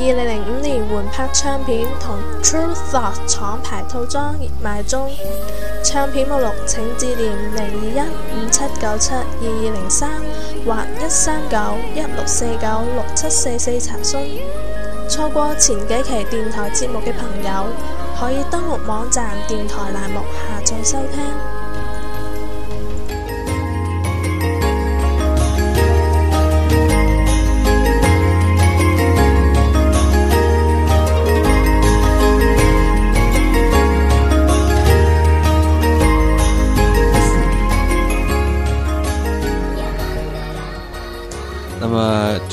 二零零五年換拍唱片同 True Thought 廠牌套裝熱賣中，唱片目錄請致電零二一五七九七二二零三或一三九一六四九六七四四查詢。錯過前幾期電台節目嘅朋友，可以登錄網站電台欄目下載收聽。